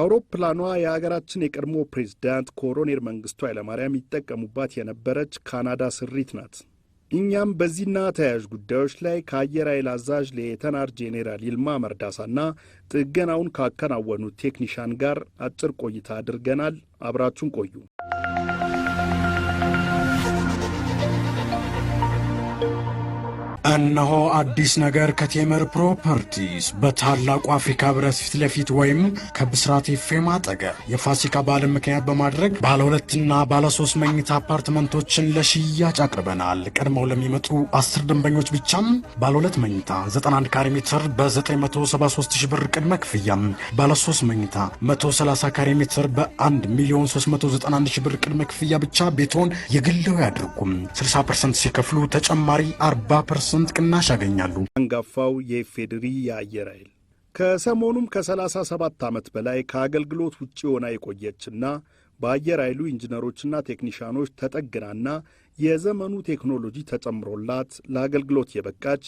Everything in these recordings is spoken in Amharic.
አውሮፕላኗ የሀገራችን የቀድሞ ፕሬዝዳንት ኮሮኔል መንግስቱ ኃይለማርያም ይጠቀሙባት የነበረች ካናዳ ስሪት ናት። እኛም በዚህና ተያያዥ ጉዳዮች ላይ ከአየር ኃይል አዛዥ ሌተናር ጄኔራል ይልማ መርዳሳና ጥገናውን ካከናወኑት ቴክኒሻን ጋር አጭር ቆይታ አድርገናል። አብራችሁን ቆዩ። እነሆ አዲስ ነገር ከቴምር ፕሮፐርቲስ በታላቁ አፍሪካ ህብረት ፊት ለፊት ወይም ከብስራት ኤፍኤም አጠገብ የፋሲካ በዓልን ምክንያት በማድረግ ባለ ሁለትና ባለ ሶስት መኝታ አፓርትመንቶችን ለሽያጭ አቅርበናል። ቀድመው ለሚመጡ አስር ደንበኞች ብቻም ባለ ሁለት መኝታ 91 ካሬ ሜትር በ973 ሺህ ብር ቅድመ ክፍያ፣ ባለ ሶስት መኝታ 130 ካሬ ሜትር በ1 ሚሊዮን 391 ሺህ ብር ቅድመ ክፍያ ብቻ ቤቶን የግለው ያድርጉም። 60 ፐርሰንት ሲከፍሉ ተጨማሪ 40 ፐርሰንት ፐርሰንት ቅናሽ ያገኛሉ። አንጋፋው የኢፌዴሪ የአየር ኃይል ከሰሞኑም ከ37 ዓመት በላይ ከአገልግሎት ውጭ ሆና የቆየችና በአየር ኃይሉ ኢንጂነሮችና ቴክኒሽያኖች ተጠግናና የዘመኑ ቴክኖሎጂ ተጨምሮላት ለአገልግሎት የበቃች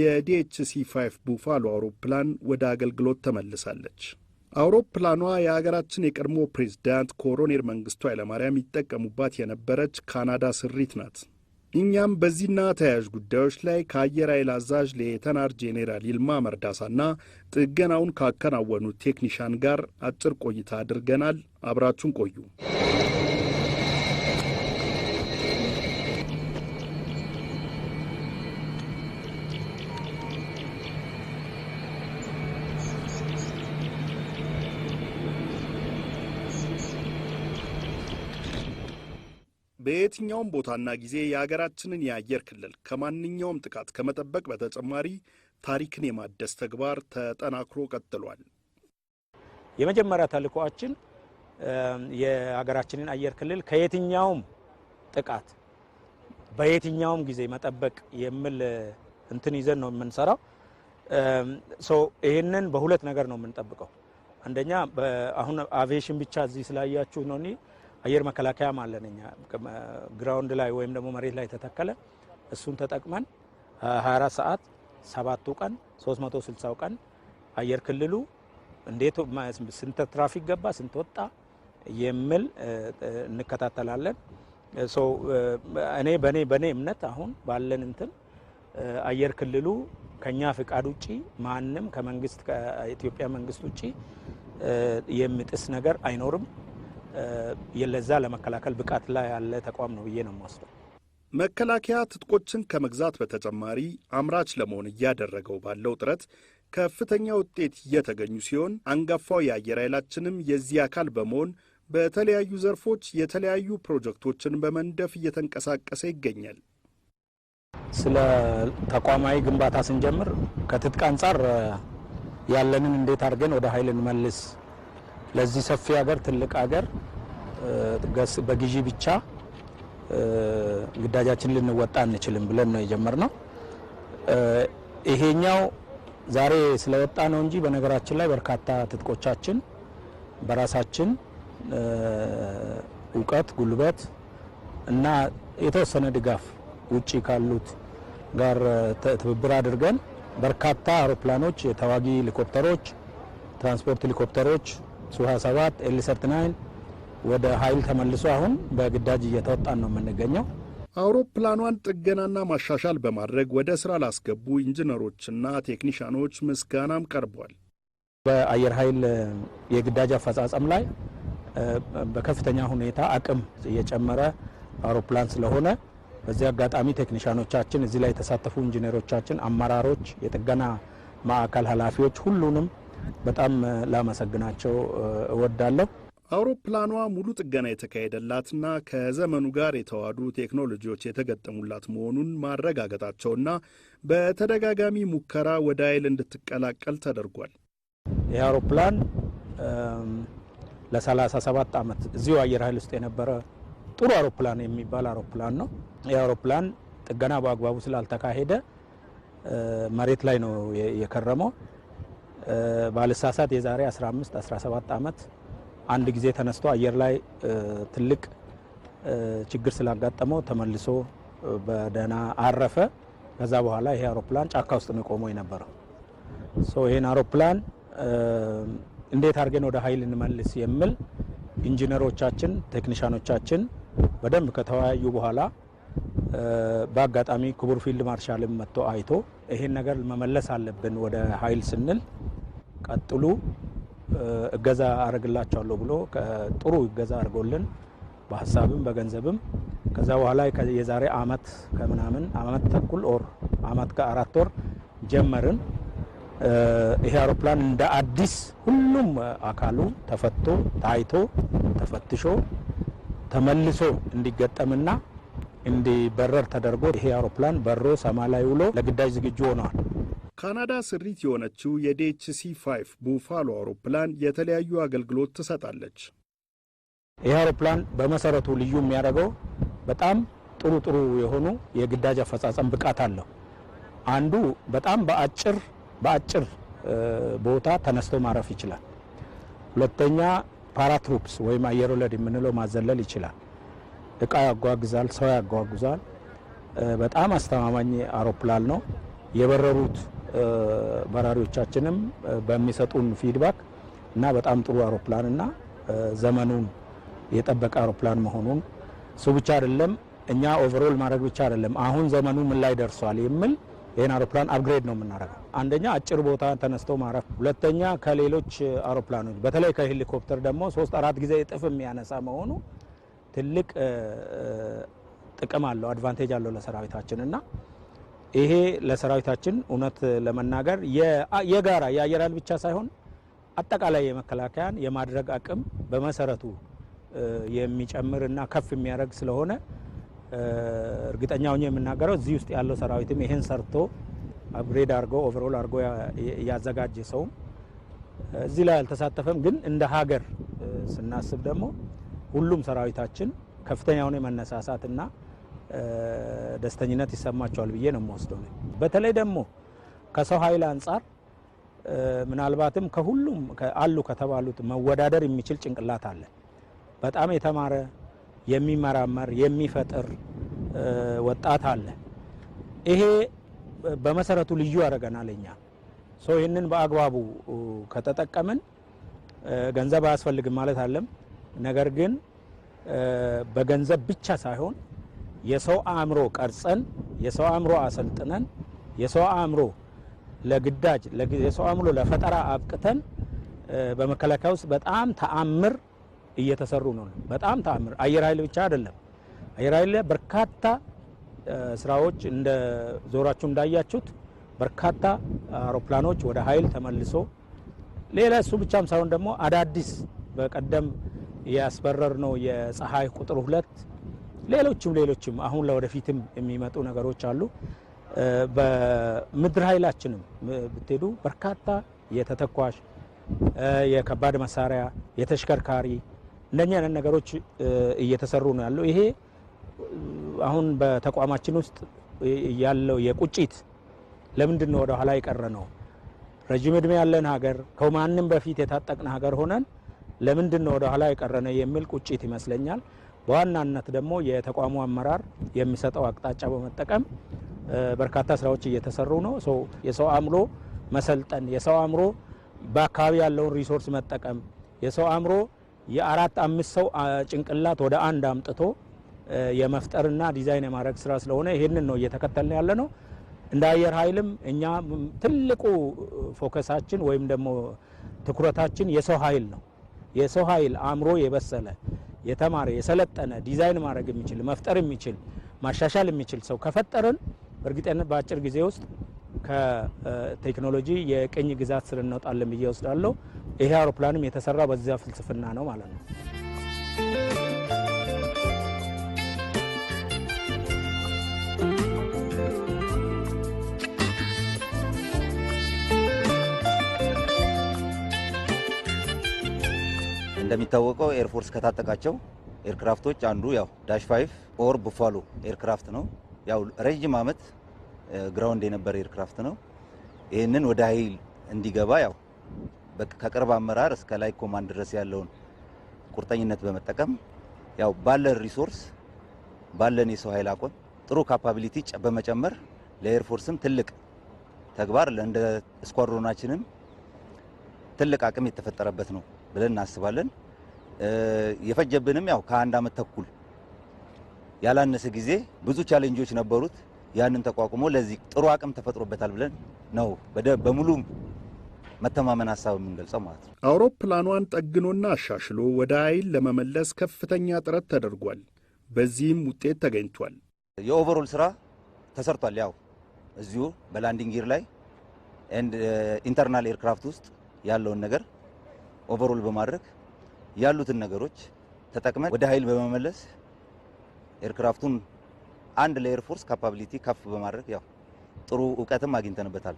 የዲኤችሲ 5 ቡፋሎ አውሮፕላን ወደ አገልግሎት ተመልሳለች። አውሮፕላኗ የአገራችን የቀድሞ ፕሬዝዳንት ኮሎኔል መንግስቱ ኃይለማርያም ይጠቀሙባት የነበረች ካናዳ ስሪት ናት። እኛም በዚህና ተያያዥ ጉዳዮች ላይ ከአየር ኃይል አዛዥ ሌተናር ጄኔራል ይልማ መርዳሳና ጥገናውን ካከናወኑት ቴክኒሻን ጋር አጭር ቆይታ አድርገናል። አብራችሁን ቆዩ። በየትኛውም ቦታና ጊዜ የአገራችንን የአየር ክልል ከማንኛውም ጥቃት ከመጠበቅ በተጨማሪ ታሪክን የማደስ ተግባር ተጠናክሮ ቀጥሏል። የመጀመሪያ ተልእኮአችን የሀገራችንን አየር ክልል ከየትኛውም ጥቃት በየትኛውም ጊዜ መጠበቅ የሚል እንትን ይዘን ነው የምንሰራው። ይህንን በሁለት ነገር ነው የምንጠብቀው። አንደኛ አሁን አቪዬሽን ብቻ እዚህ ስላያችሁ ነው አየር መከላከያም አለን እኛ ግራውንድ ላይ ወይም ደግሞ መሬት ላይ ተተከለ እሱን ተጠቅመን 24 ሰዓት ሰባቱ ቀን 360 ቀን አየር ክልሉ እንዴት ስንት ትራፊክ ገባ ስንት ወጣ የሚል እንከታተላለን። እኔ በኔ በኔ እምነት አሁን ባለን እንትን አየር ክልሉ ከኛ ፍቃድ ውጪ ማንም ከመንግስት ከኢትዮጵያ መንግስት ውጪ የሚጥስ ነገር አይኖርም። የለዛ ለመከላከል ብቃት ላይ ያለ ተቋም ነው ብዬ ነው የምወስደው። መከላከያ ትጥቆችን ከመግዛት በተጨማሪ አምራች ለመሆን እያደረገው ባለው ጥረት ከፍተኛ ውጤት እየተገኙ ሲሆን አንጋፋው የአየር ኃይላችንም የዚህ አካል በመሆን በተለያዩ ዘርፎች የተለያዩ ፕሮጀክቶችን በመንደፍ እየተንቀሳቀሰ ይገኛል። ስለ ተቋማዊ ግንባታ ስንጀምር ከትጥቅ አንጻር ያለንን እንዴት አድርገን ወደ ኃይል እንመልስ ለዚህ ሰፊ ሀገር ትልቅ ሀገር በግዢ ብቻ ግዳጃችን ልንወጣ አንችልም ብለን ነው የጀመርነው። ይሄኛው ዛሬ ስለወጣ ነው እንጂ በነገራችን ላይ በርካታ ትጥቆቻችን በራሳችን እውቀት፣ ጉልበት እና የተወሰነ ድጋፍ ውጪ ካሉት ጋር ትብብር አድርገን በርካታ አውሮፕላኖች፣ የተዋጊ ሄሊኮፕተሮች፣ ትራንስፖርት ሄሊኮፕተሮች ሱ27 ኤል 39 ወደ ኃይል ተመልሶ አሁን በግዳጅ እየተወጣን ነው የምንገኘው። አውሮፕላኗን ጥገናና ማሻሻል በማድረግ ወደ ስራ ላስገቡ ኢንጂነሮችና ቴክኒሻኖች ምስጋናም ቀርቧል። በአየር ኃይል የግዳጅ አፈጻጸም ላይ በከፍተኛ ሁኔታ አቅም እየጨመረ አውሮፕላን ስለሆነ በዚህ አጋጣሚ ቴክኒሻኖቻችን፣ እዚህ ላይ የተሳተፉ ኢንጂነሮቻችን፣ አመራሮች፣ የጥገና ማዕከል ኃላፊዎች ሁሉንም በጣም ላመሰግናቸው እወዳለሁ። አውሮፕላኗ ሙሉ ጥገና የተካሄደላትና ከዘመኑ ጋር የተዋዱ ቴክኖሎጂዎች የተገጠሙላት መሆኑን ማረጋገጣቸውና በተደጋጋሚ ሙከራ ወደ ኃይል እንድትቀላቀል ተደርጓል። ይህ አውሮፕላን ለ37 ዓመት እዚሁ አየር ኃይል ውስጥ የነበረ ጥሩ አውሮፕላን የሚባል አውሮፕላን ነው። ይህ አውሮፕላን ጥገና በአግባቡ ስላልተካሄደ መሬት ላይ ነው የከረመው። ባልሳሳት የዛሬ 15 17 ዓመት አንድ ጊዜ ተነስቶ አየር ላይ ትልቅ ችግር ስላጋጠመው ተመልሶ በደህና አረፈ። ከዛ በኋላ ይሄ አውሮፕላን ጫካ ውስጥ ነው ቆሞ የነበረው። ሶ ይሄን አውሮፕላን እንዴት አድርገን ወደ ኃይል እንመልስ የሚል ኢንጂነሮቻችን ቴክኒሻኖቻችን በደንብ ከተወያዩ በኋላ በአጋጣሚ ክቡር ፊልድ ማርሻልም መጥቶ አይቶ ይሄን ነገር መመለስ አለብን ወደ ኃይል ስንል ቀጥሉ እገዛ አረግላቸዋለሁ ብሎ ጥሩ እገዛ አድርጎልን በሀሳብም በገንዘብም ከዛ በኋላ የዛሬ አመት ከምናምን አመት ተኩል ኦር አመት ከአራት ወር ጀመርን። ይሄ አውሮፕላን እንደ አዲስ ሁሉም አካሉ ተፈቶ ታይቶ ተፈትሾ ተመልሶ እንዲገጠምና እንዲበረር ተደርጎ ይሄ አውሮፕላን በሮ ሰማይ ላይ ውሎ ለግዳጅ ዝግጁ ሆነዋል። ካናዳ ስሪት የሆነችው የዲኤችሲ 5 ቡፋሎ አውሮፕላን የተለያዩ አገልግሎት ትሰጣለች። ይህ አውሮፕላን በመሰረቱ ልዩ የሚያደርገው በጣም ጥሩ ጥሩ የሆኑ የግዳጅ አፈጻጸም ብቃት አለው። አንዱ በጣም በአጭር በአጭር ቦታ ተነስቶ ማረፍ ይችላል። ሁለተኛ ፓራትሩፕስ ወይም አየር ወለድ የምንለው ማዘለል ይችላል። እቃ ያጓጉዛል፣ ሰው ያጓጉዛል። በጣም አስተማማኝ አውሮፕላን ነው። የበረሩት በራሪዎቻችንም በሚሰጡን ፊድባክ እና በጣም ጥሩ አውሮፕላን እና ዘመኑን የጠበቀ አውሮፕላን መሆኑን እሱ ብቻ አይደለም፣ እኛ ኦቨሮል ማድረግ ብቻ አይደለም፣ አሁን ዘመኑ ምን ላይ ደርሷል የሚል ይህን አውሮፕላን አፕግሬድ ነው የምናደርገው። አንደኛ አጭር ቦታ ተነስቶ ማረፍ፣ ሁለተኛ ከሌሎች አውሮፕላኖች በተለይ ከሄሊኮፕተር ደግሞ ሶስት አራት ጊዜ እጥፍ የሚያነሳ መሆኑ ትልቅ ጥቅም አለው፣ አድቫንቴጅ አለው ለሰራዊታችን እና ይሄ ለሰራዊታችን እውነት ለመናገር የጋራ የአየር ኃይል ብቻ ሳይሆን አጠቃላይ የመከላከያን የማድረግ አቅም በመሰረቱ የሚጨምር እና ከፍ የሚያደርግ ስለሆነ እርግጠኛ ሆኜ የምናገረው እዚህ ውስጥ ያለው ሰራዊትም ይሄን ሰርቶ አፕግሬድ አድርጎ ኦቨርኦል አድርጎ ያዘጋጀ ሰውም እዚህ ላይ አልተሳተፈም። ግን እንደ ሀገር ስናስብ ደግሞ ሁሉም ሰራዊታችን ከፍተኛ የሆነ መነሳሳትና ደስተኝነት ይሰማቸዋል ብዬ ነው የምወስደው። በተለይ ደግሞ ከሰው ኃይል አንጻር ምናልባትም ከሁሉም አሉ ከተባሉት መወዳደር የሚችል ጭንቅላት አለ። በጣም የተማረ የሚመራመር የሚፈጥር ወጣት አለ። ይሄ በመሰረቱ ልዩ ያደርገናል። እኛ ሰው ይህንን በአግባቡ ከተጠቀምን ገንዘብ አያስፈልግም ማለት አለም ነገር ግን በገንዘብ ብቻ ሳይሆን የሰው አእምሮ ቀርጸን የሰው አእምሮ አሰልጥነን የሰው አእምሮ ለግዳጅ የሰው አእምሮ ለፈጠራ አብቅተን በመከላከያ ውስጥ በጣም ተአምር እየተሰሩ ነው። በጣም ተአምር አየር ኃይል ብቻ አይደለም። አየር ኃይል በርካታ ስራዎች እንደ ዞራችሁ እንዳያችሁት በርካታ አውሮፕላኖች ወደ ኃይል ተመልሶ ሌላ እሱ ብቻም ሳይሆን ደግሞ አዳዲስ በቀደም ያስበረር ነው የፀሐይ ቁጥር ሁለት ሌሎችም ሌሎችም አሁን ለወደፊትም የሚመጡ ነገሮች አሉ። በምድር ኃይላችንም ብትሄዱ በርካታ የተተኳሽ የከባድ መሳሪያ የተሽከርካሪ እንደኛ አይነት ነገሮች እየተሰሩ ነው ያለው። ይሄ አሁን በተቋማችን ውስጥ ያለው የቁጭት ለምንድን ነው ወደኋላ የቀረ ነው? ረዥም እድሜ ያለን ሀገር ከማንም በፊት የታጠቅን ሀገር ሆነን ለምንድን ነው ወደ ኋላ የቀረነ የሚል ቁጭት ይመስለኛል። በዋናነት ደግሞ የተቋሙ አመራር የሚሰጠው አቅጣጫ በመጠቀም በርካታ ስራዎች እየተሰሩ ነው። የሰው አእምሮ መሰልጠን፣ የሰው አእምሮ በአካባቢ ያለውን ሪሶርስ መጠቀም፣ የሰው አእምሮ የአራት አምስት ሰው ጭንቅላት ወደ አንድ አምጥቶ የመፍጠርና ዲዛይን የማድረግ ስራ ስለሆነ ይህንን ነው እየተከተልን ያለ ነው። እንደ አየር ኃይልም እኛ ትልቁ ፎከሳችን ወይም ደግሞ ትኩረታችን የሰው ኃይል ነው። የሰው ኃይል አእምሮ የበሰለ የተማረ የሰለጠነ ዲዛይን ማድረግ የሚችል መፍጠር የሚችል ማሻሻል የሚችል ሰው ከፈጠርን በእርግጠኝነት በአጭር ጊዜ ውስጥ ከቴክኖሎጂ የቅኝ ግዛት ስር እንወጣለን ብዬ ወስዳለሁ። ይሄ አውሮፕላንም የተሰራ በዚያ ፍልስፍና ነው ማለት ነው። እንደሚታወቀው ኤርፎርስ ከታጠቃቸው ኤርክራፍቶች አንዱ ያው ዳሽ ፋይቭ ኦር ቡፋሎ ኤርክራፍት ነው። ያው ረዥም ዓመት ግራውንድ የነበረ ኤርክራፍት ነው። ይህንን ወደ ኃይል እንዲገባ ያው ከቅርብ አመራር እስከ ላይ ኮማንድ ድረስ ያለውን ቁርጠኝነት በመጠቀም ያው ባለን ሪሶርስ ባለን የሰው ኃይል አቆም ጥሩ ካፓቢሊቲ በመጨመር ለኤርፎርስም ትልቅ ተግባር እንደ ስኳድሮናችንም ትልቅ አቅም የተፈጠረበት ነው ብለን እናስባለን። የፈጀብንም ያው ከአንድ አመት ተኩል ያላነሰ ጊዜ ብዙ ቻሌንጆች ነበሩት። ያንን ተቋቁሞ ለዚህ ጥሩ አቅም ተፈጥሮበታል ብለን ነው በሙሉ መተማመን ሀሳብ የምንገልጸው ማለት ነው። አውሮፕላኗን ጠግኖና አሻሽሎ ወደ አይል ለመመለስ ከፍተኛ ጥረት ተደርጓል። በዚህም ውጤት ተገኝቷል። የኦቨሮል ስራ ተሰርቷል። ያው እዚሁ በላንዲንግ ጊር ላይ ኢንተርናል ኤርክራፍት ውስጥ ያለውን ነገር ኦቨሮል በማድረግ ያሉትን ነገሮች ተጠቅመን ወደ ኃይል በመመለስ ኤርክራፍቱን አንድ ለኤር ፎርስ ካፓቢሊቲ ከፍ በማድረግ ያው ጥሩ እውቀትም አግኝተንበታል።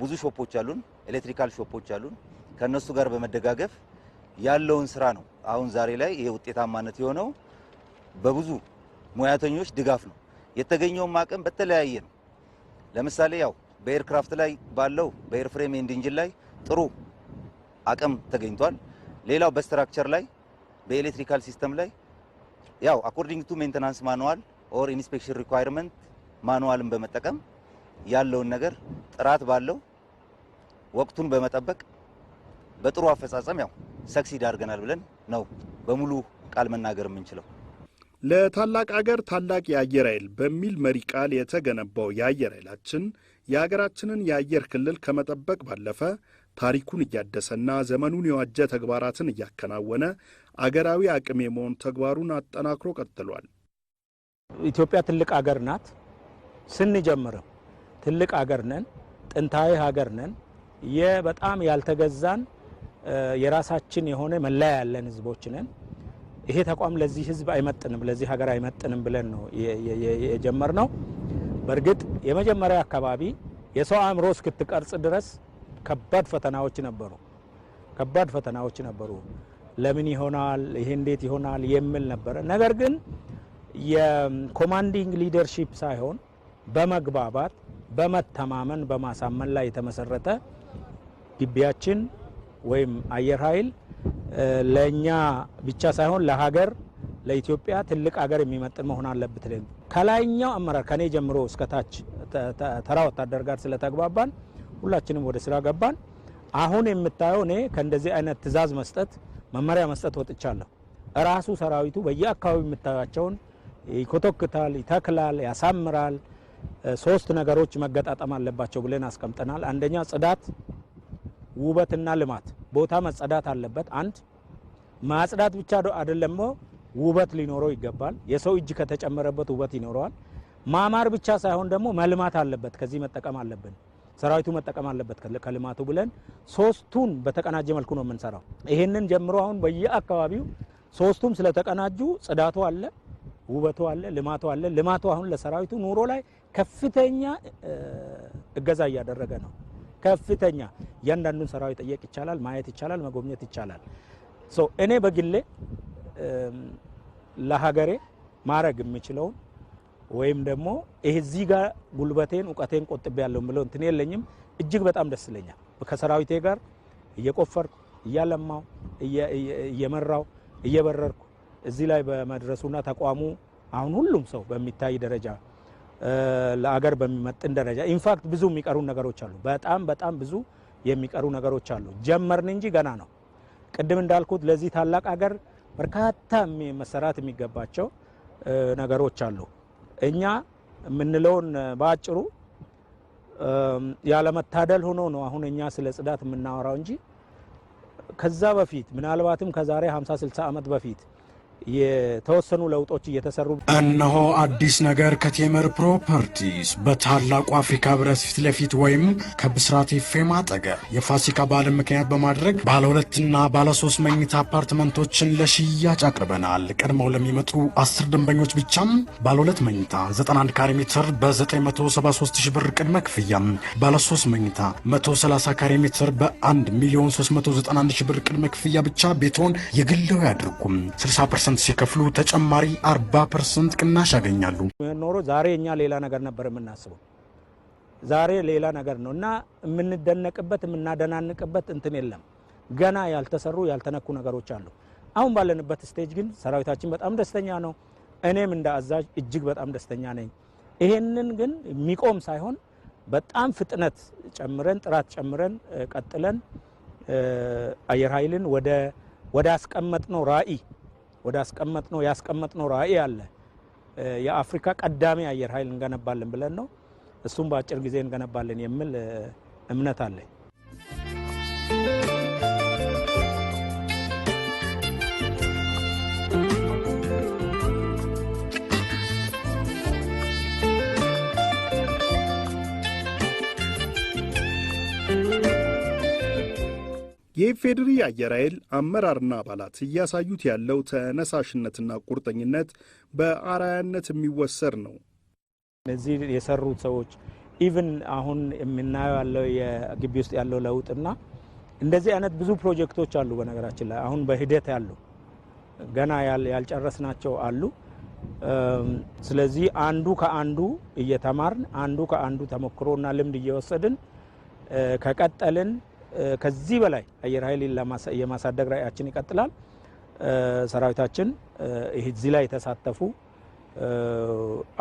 ብዙ ሾፖች አሉን፣ ኤሌክትሪካል ሾፖች አሉን። ከነሱ ጋር በመደጋገፍ ያለውን ስራ ነው አሁን ዛሬ ላይ ይሄ ውጤታማነት የሆነው በብዙ ሙያተኞች ድጋፍ ነው። የተገኘውም አቅም በተለያየ ነው። ለምሳሌ ያው በኤርክራፍት ላይ ባለው በኤርፍሬም ኤንድ ኢንጂን ላይ ጥሩ አቅም ተገኝቷል። ሌላው በስትራክቸር ላይ በኤሌክትሪካል ሲስተም ላይ ያው አኮርዲንግ ቱ ሜንተናንስ ማኑዋል ኦር ኢንስፔክሽን ሪኳይርመንት ማኑዋልን በመጠቀም ያለውን ነገር ጥራት ባለው ወቅቱን በመጠበቅ በጥሩ አፈጻጸም ያው ሰክሲድ አድርገናል ብለን ነው በሙሉ ቃል መናገር የምንችለው። ለታላቅ አገር ታላቅ የአየር ኃይል በሚል መሪ ቃል የተገነባው የአየር ኃይላችን የአገራችንን የአየር ክልል ከመጠበቅ ባለፈ ታሪኩን እያደሰና ዘመኑን የዋጀ ተግባራትን እያከናወነ አገራዊ አቅም የመሆን ተግባሩን አጠናክሮ ቀጥሏል። ኢትዮጵያ ትልቅ አገር ናት። ስንጀምርም ትልቅ አገር ነን፣ ጥንታዊ ሀገር ነን። በጣም ያልተገዛን የራሳችን የሆነ መለያ ያለን ህዝቦች ነን። ይሄ ተቋም ለዚህ ህዝብ አይመጥንም፣ ለዚህ ሀገር አይመጥንም ብለን ነው የጀመርነው። በእርግጥ የመጀመሪያ አካባቢ የሰው አእምሮ እስክትቀርጽ ድረስ ከባድ ፈተናዎች ነበሩ። ከባድ ፈተናዎች ነበሩ። ለምን ይሆናል ይሄ እንዴት ይሆናል የሚል ነበረ። ነገር ግን የኮማንዲንግ ሊደርሺፕ ሳይሆን በመግባባት በመተማመን፣ በማሳመን ላይ የተመሰረተ ግቢያችን ወይም አየር ኃይል ለእኛ ብቻ ሳይሆን ለሀገር ለኢትዮጵያ ትልቅ ሀገር የሚመጥን መሆን አለበት። ከላይኛው አመራር ከኔ ጀምሮ እስከታች ተራ ወታደር ጋር ስለተግባባን ሁላችንም ወደ ስራ ገባን። አሁን የምታየው እኔ ከእንደዚህ አይነት ትዕዛዝ መስጠት መመሪያ መስጠት ወጥቻለሁ። እራሱ ሰራዊቱ በየአካባቢው የምታያቸውን ይኮተክታል፣ ይተክላል፣ ያሳምራል። ሶስት ነገሮች መገጣጠም አለባቸው ብለን አስቀምጠናል። አንደኛ ጽዳት፣ ውበትና ልማት ቦታ መጸዳት አለበት። አንድ ማጽዳት ብቻ አይደለም፣ ውበት ሊኖረው ይገባል። የሰው እጅ ከተጨመረበት ውበት ይኖረዋል። ማማር ብቻ ሳይሆን ደግሞ መልማት አለበት። ከዚህ መጠቀም አለብን፣ ሰራዊቱ መጠቀም አለበት ከልማቱ ብለን ሶስቱን በተቀናጀ መልኩ ነው የምንሰራው። ይሄንን ጀምሮ አሁን በየአካባቢው ሶስቱም ስለተቀናጁ ጽዳቱ አለ፣ ውበቱ አለ፣ ልማቱ አለ። ልማቱ አሁን ለሰራዊቱ ኑሮ ላይ ከፍተኛ እገዛ እያደረገ ነው። ከፍተኛ እያንዳንዱን ስራው ጠየቅ ይቻላል፣ ማየት ይቻላል፣ መጎብኘት ይቻላል። እኔ በግሌ ለሀገሬ ማድረግ የሚችለውን ወይም ደግሞ እዚህ ጋር ጉልበቴን እውቀቴን ቆጥቤ ያለሁ ብለው እንትን የለኝም። እጅግ በጣም ደስ ይለኛል ከሰራዊቴ ጋር እየቆፈርኩ እያለማው እየመራው እየበረርኩ እዚህ ላይ በመድረሱና ተቋሙ አሁን ሁሉም ሰው በሚታይ ደረጃ ለአገር በሚመጥን ደረጃ ኢንፋክት ብዙ የሚቀሩ ነገሮች አሉ። በጣም በጣም ብዙ የሚቀሩ ነገሮች አሉ። ጀመርን እንጂ ገና ነው። ቅድም እንዳልኩት ለዚህ ታላቅ አገር በርካታ መሰራት የሚገባቸው ነገሮች አሉ። እኛ የምንለውን በአጭሩ ያለመታደል ሆኖ ነው አሁን እኛ ስለ ጽዳት የምናወራው እንጂ ከዛ በፊት ምናልባትም ከዛሬ 50 60 ዓመት በፊት የተወሰኑ ለውጦች እየተሰሩ እነሆ አዲስ ነገር ከቴምር ፕሮፐርቲስ በታላቁ አፍሪካ ህብረት ፊት ለፊት ወይም ከብስራት ፌም አጠገብ የፋሲካ በዓልን ምክንያት በማድረግ ባለ ሁለትና ባለ ሶስት መኝታ አፓርትመንቶችን ለሽያጭ አቅርበናል። ቀድመው ለሚመጡ አስር ደንበኞች ብቻም ባለ ሁለት መኝታ 91 ካሬ ሜትር በ973 ሺህ ብር ቅድመ ክፍያ፣ ባለ ሶስት መኝታ 130 ካሬ ሜትር በ1 ሚሊዮን 391 ሺህ ብር ቅድመ ክፍያ ብቻ ቤትዎን የግለው ያድርጉም 60 ፐርሰንት ሲከፍሉ ተጨማሪ 40 ፐርሰንት ቅናሽ ያገኛሉ። ኖሮ ዛሬ እኛ ሌላ ነገር ነበር የምናስበው። ዛሬ ሌላ ነገር ነው እና የምንደነቅበት የምናደናንቅበት እንትን የለም። ገና ያልተሰሩ ያልተነኩ ነገሮች አሉ። አሁን ባለንበት ስቴጅ ግን ሰራዊታችን በጣም ደስተኛ ነው። እኔም እንደ አዛዥ እጅግ በጣም ደስተኛ ነኝ። ይሄንን ግን የሚቆም ሳይሆን በጣም ፍጥነት ጨምረን ጥራት ጨምረን ቀጥለን አየር ኃይልን ወደ ወደ አስቀመጥ ነው ራዕይ ወደ ያስቀመጥ ነው ራዕይ አለ። የአፍሪካ ቀዳሚ አየር ኃይል እንገነባለን ብለን ነው። እሱም በአጭር ጊዜ እንገነባለን የሚል እምነት አለኝ። የኢፌዴሪ አየር ኃይል አመራርና አባላት እያሳዩት ያለው ተነሳሽነትና ቁርጠኝነት በአራያነት የሚወሰድ ነው። እነዚህ የሰሩት ሰዎች ኢቭን አሁን የምናየው ያለው የግቢ ውስጥ ያለው ለውጥና እንደዚህ አይነት ብዙ ፕሮጀክቶች አሉ። በነገራችን ላይ አሁን በሂደት ያሉ ገና ያልጨረስናቸው አሉ። ስለዚህ አንዱ ከአንዱ እየተማርን አንዱ ከአንዱ ተሞክሮና ልምድ እየወሰድን ከቀጠልን ከዚህ በላይ አየር ኃይል የማሳደግ ራዕያችን ይቀጥላል። ሰራዊታችን እዚህ ላይ የተሳተፉ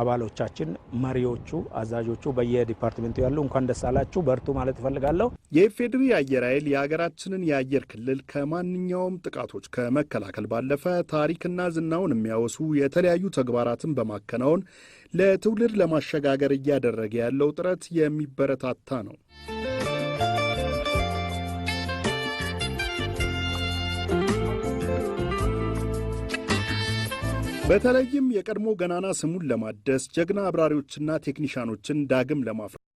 አባሎቻችን፣ መሪዎቹ፣ አዛዦቹ በየዲፓርትሜንቱ ያሉ እንኳን ደስ አላችሁ በርቱ ማለት እፈልጋለሁ። የኢፌዴሪ አየር ኃይል የሀገራችንን የአየር ክልል ከማንኛውም ጥቃቶች ከመከላከል ባለፈ ታሪክና ዝናውን የሚያወሱ የተለያዩ ተግባራትን በማከናወን ለትውልድ ለማሸጋገር እያደረገ ያለው ጥረት የሚበረታታ ነው። በተለይም የቀድሞ ገናና ስሙን ለማደስ ጀግና አብራሪዎችና ቴክኒሻኖችን ዳግም ለማፍራት